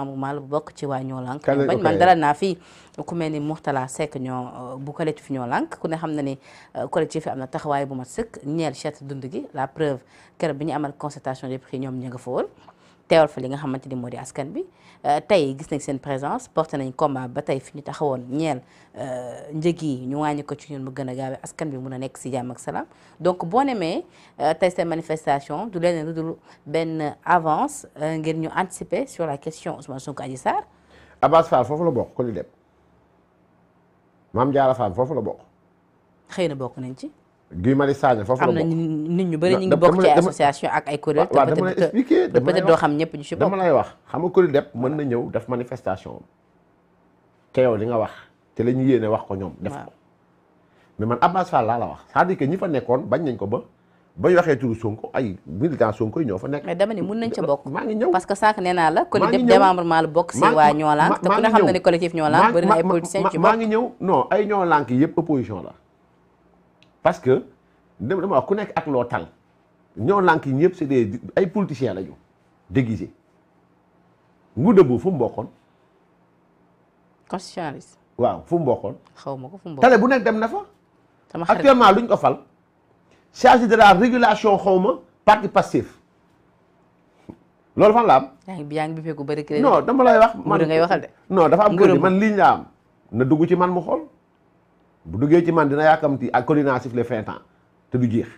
Maamu Maal bu bokk ci waa ñoo bañ man dalal naa fii ku mel ni Mourtala Seck ñoo euh, bu collectif ñoo lànk ku ne xam na ni euh, collectif yi am na taxawaay bu ma sëkk ñeel cherté dund gi la preuve keroog bi ñu amal concertation des prix ñoom ña nga fa teewal fa li nga xamante ni moo di askan bi euh, tey gis nañ seen présence porte nañ combat ba tey fi ñu taxawoon ñeel euh, njëg yi ñu wàññi ko ci ñun mu gën a gaawee askan bi mun a nekk si jàmm ak salaam donc boo nemee euh, tey seen manifestation du leneen lu dul benn avance ngir ñu anticiper sur la question Ousmane Sonko Adji Sarr. Abass Fall foofu la bokk ku li dem Mame Diarra Fam foofu la bokk. xëy na bokk nañ ci. Guy Marius Sagna foofu la am na nit ñu bëri ñu ngi bokk ci association ak ay kuréel. waaw dama lay expliquer dama lay wax xam ñëpp ñu si bokk. dama lay wax xam nga kuréel manifestation te yow li wax te la ñu yéene wax ko ñoom. def ko wax cest à ko ba. ba ñu waxee turu Sonko ay militant Sonko yi ñoo fa nekk. mais dama ni mun nañ ca bokk. ngi ñëw parce que saak nee la. maa ngi ñëw démembrement la bokk si waa Ñoo Lank. te ku ne xam na ne collectif Ñoo Lank bëri na ay politiciens ci la parce que dama wax ku nekk ak loo tal ñoo lànk yi ñëpp c'est des ay politiciens lañu déguisés nguuda boobu fu mu bokkoon. waaw fu mu bokkoon. ko fu mu bokkoon tale bu nekk dem na fa. actuellement luñ ko fal. chargé de la régulation xaw ma parti passif. loolu fan la am. yaa bi fekku bëri crédit. non dama lay wax man ngay waxal de. non dafa am crédit man lii ñu am na dugg ci man mu xool. bu duggee ci man dina yàkkamti ak codina siffle fin te du jeex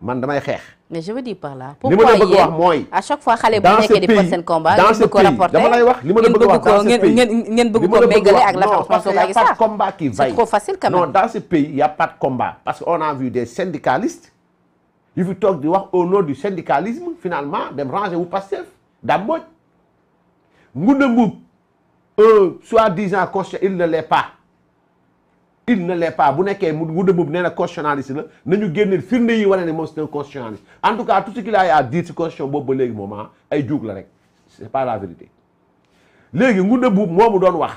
man damay xeex. mais je veux dire par là. pourquoi li ma la bëgg wax mooy. à chaque fois xale bu nekkee di porter combat. dans ce pays dama lay wax ma la bëgg wax dans ce pays ngeen a pas de combat qui vaille. c'est parce que on a vu des syndicalistes yu fi toog di wax au nom du syndicalisme finalement dem ranger wu Pastef daa mbooj. Ngounda Mboub un soi-disant conscient il ne l'est pas. il ne l'est pas bu nekkee mu Wouda Mboup nee na constitutionnaliste la nañu génne firnde yi wane ne moom c'est un constitutionnaliste en tout cas tout ce qu'il a à dire ci constitution boobu ba léegi moom ah ay juug la rek c'est pas la vérité léegi Wouda Mboup moomu doon wax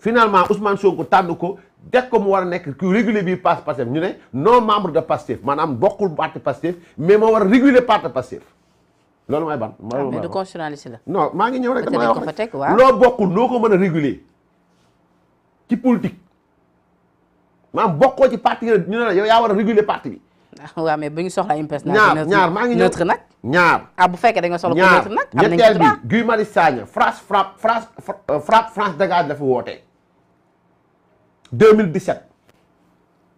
finalement Ousmane Sonko tànn ko def ko mu war a nekk ku réguler bii passe Pastef ñu ne non membre de Pastef maanaam bokkul parti Pastef mais moo war a réguler parti Pastef loolu mooy ban. waaw ah, mais du constitutionnaliste la. non maa ngi ñëw rek dama wax loo bokkul noo ko mën a réguler ci politique. maanaam bokkoo ci parti ñu ne la yow yaa war a réguler parti bi ah, waaw mais bu soxla impes ñaar ñaar maa ngi neutre nag ñaar ah bu fekkee da nga soxla neutre nag am nañ ñetteel bi Guy Marius Sagna France frappe France frappe France dégage dafa wootee 2017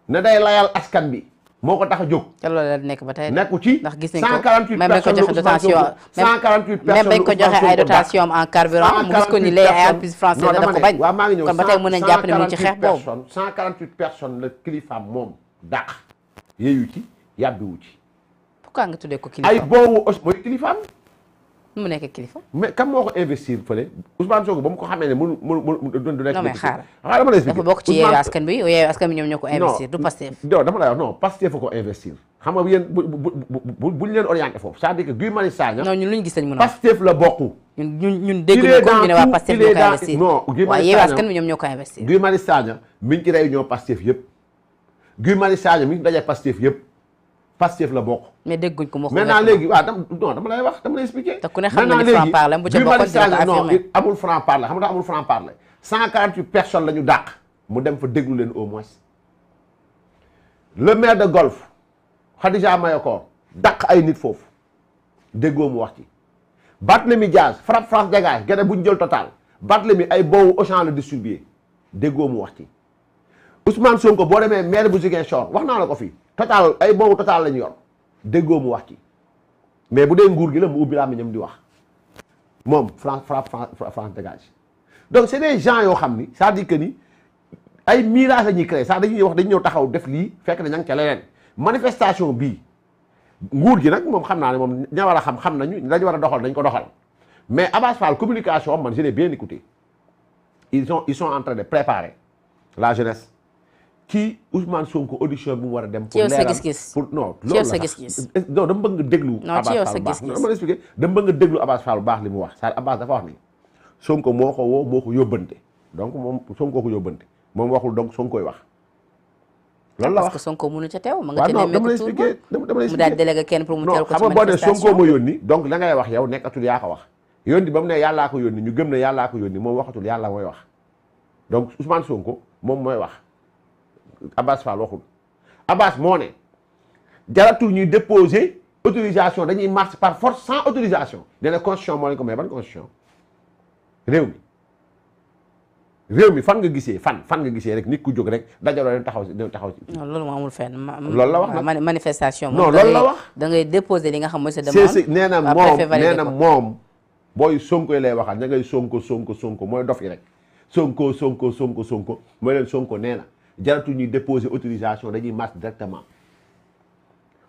ne day layal askan bi moo ko tax a jóg. te loolu la nekk ba tey nekku ci. ndax gis nañ ko même bañ ko joxe dotation même ko joxe ay dotation en carburant mu gis ko ni les entreprises françaises da ko bañ. waaw maa ngi ñëw kon ba tey mën nañ jàpp ne mu ngi ci xeex boobu. 148 personnes la kilifaam moom dàq. yeeyu ci yàbbiwu ci. pourquoi nga tuddee ko kilifaam ay kilifaam. mu nekk kilifa. mais kan moo ko investir fële Ousmane Sonko ba mu ko xamee ne mënu mënu du nekk. non mais xaaral dama lay expliquer dafa bokk ci yeewu askan bi yeewu askan bi ñoom ñoo ko investir. du Pastef non dama lay wax non Pastef a ko investir. xam nga yéen bu bu bu buñ leen orienté foofu c'est-à-dire que Guy Marius Sagna. non ñun luñ gis lañ mën a wax Pastef la bokk. ñun ñun ñun dégg nañ comme ñu ne waa Pastef ñoo ko investir. non Guy Marius Sagna waaw yeewu askan bi ñoom ñoo ko investir. Guy Marius Sagna mi ngi ci réunion Pastef yëpp Guy Marius Sagna mi ngi daje Pastef yëpp Pastef la bokk. mais dégguñ ko moo ko maintenant léegi waaw ah, dama lay wax dama lay expliquer. te ku ne xam na ni franc parler bu ca bokkul dina ko affirmé non amul franc parler xam nga amul franc parler. 148 personnes la ñu dàq mu dem fa déglu leen au moins le maire de Golf Khadija Mayakor dàq ay nit foofu déggoo mu wax ci. Barthélemy Diaz frappe France dégage gerte bu ñu jël total Barthélemy ay boowu Auchan la distribué déggoo mu wax ci Ousmane ko boo demee maire bu Ziguinchor wax naa la ko fii. total ay boobu total lañu yor déggoo mu wax ci mais bu dee nguur gi la mu ubbi làmmiñam di wax moom France France dégage donc c'est des gens yoo xam ni c'est-à-dire ni ay mirage la ñuy créé sax dañuy wax dañu ñëw taxaw def lii fekk na ña ngi ca leneen manifestation bii nguur gi nag moom xam naa ne moom ña war a xam xam nañu dañu war a doxal dañ ko doxal mais Abass Fall communication man je l'ai bien écouté ils ont ils sont en train de préparer la jeuness kii Ousmane Sonko audition bi mu war a dem. pour leeral pour non. loolu la eh, non dama bëgg nga déglu. non ci yow sa gis-gis Abass Fall baax dama expliqué dama bëgg baax li mu wax saa Abass dafa wax ni Sonko moo ko woo yóbbante donc moom Sonko ko moom waxul donc Sonkoy wax. loolu la wax parce que Sonko mënu ca teew. ma nga ca nemmeeku tur ba mu daal délégué kenn pour ko ci manifestation non xam nga boo nee Sonko ma yónni donc wax yow nekkatul yaa ko wax yónni ba mu ne yàllaa ko yónni ñu gëm ne yàllaa ko yónni moom waxatul yàlla mooy wax donc Ousmane Sonko moom mooy wax Abass Fall waxul Abass moo ne jaratul ñuy déposer autorisation dañuy marche par force cent autorisation nee na constitution moo leen may ban constitution réew mi réew mi fan nga gisee fan fan nga gisee rek nit ku jóg rek dajaloo dem taxaw si dem taxaw si. non loolu moo amul fenn. loolu la wax nag manifestation. non loolu la wax da ngay déposer li nga xam mooy sa demande. si nee na moom nee na moom. booy sonko yi lay waxal ña ngay sonko sonko sonko mooy dof rek sonko sonko sonko sonko mooy leen sonko nee na. jaratul ñuy déposer autorisation dañuy marche directement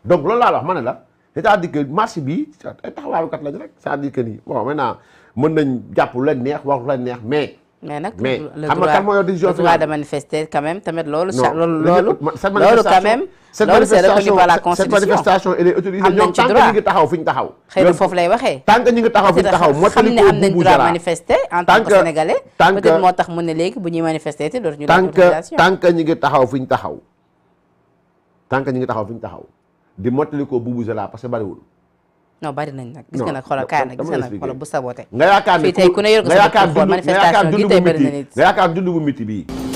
donc loolu laa ma ne la c'est-à-dire que bi ay taxawaarukat lañ rek c'est-à-dire que ni bon maintenant mën nañ jàpp lu leen neex wax lu leen neex mais mais nag mais xam nga kan yor décision finale le de manifester quand tamit loolu. loolu loolu loolu quand même. loolu c'est reconnu par la cette manifestation elle est autorisée ñoom tant que ngi taxaw fi ñu taxaw. xëy na foofu lay waxee. tant que ñu ngi taxaw fi ñu taxaw mottali ko am nañ droit manifester en tant que sénégalais. tant moo tax mu ne léegi bu ñuy manifester te dootuñu. tant que tant que ñu ngi taxaw fi ñu taxaw. tant ñi ngi taxaw fi ñu taxaw di mottali ko bu bougé la parce que bariwul non bari nañ nag gis nga nag xoolal kaay nag gis nga bu saboté nga yaakaar ne fii tey ku ne yor nga sa bopp manifestation gi tey bari na bii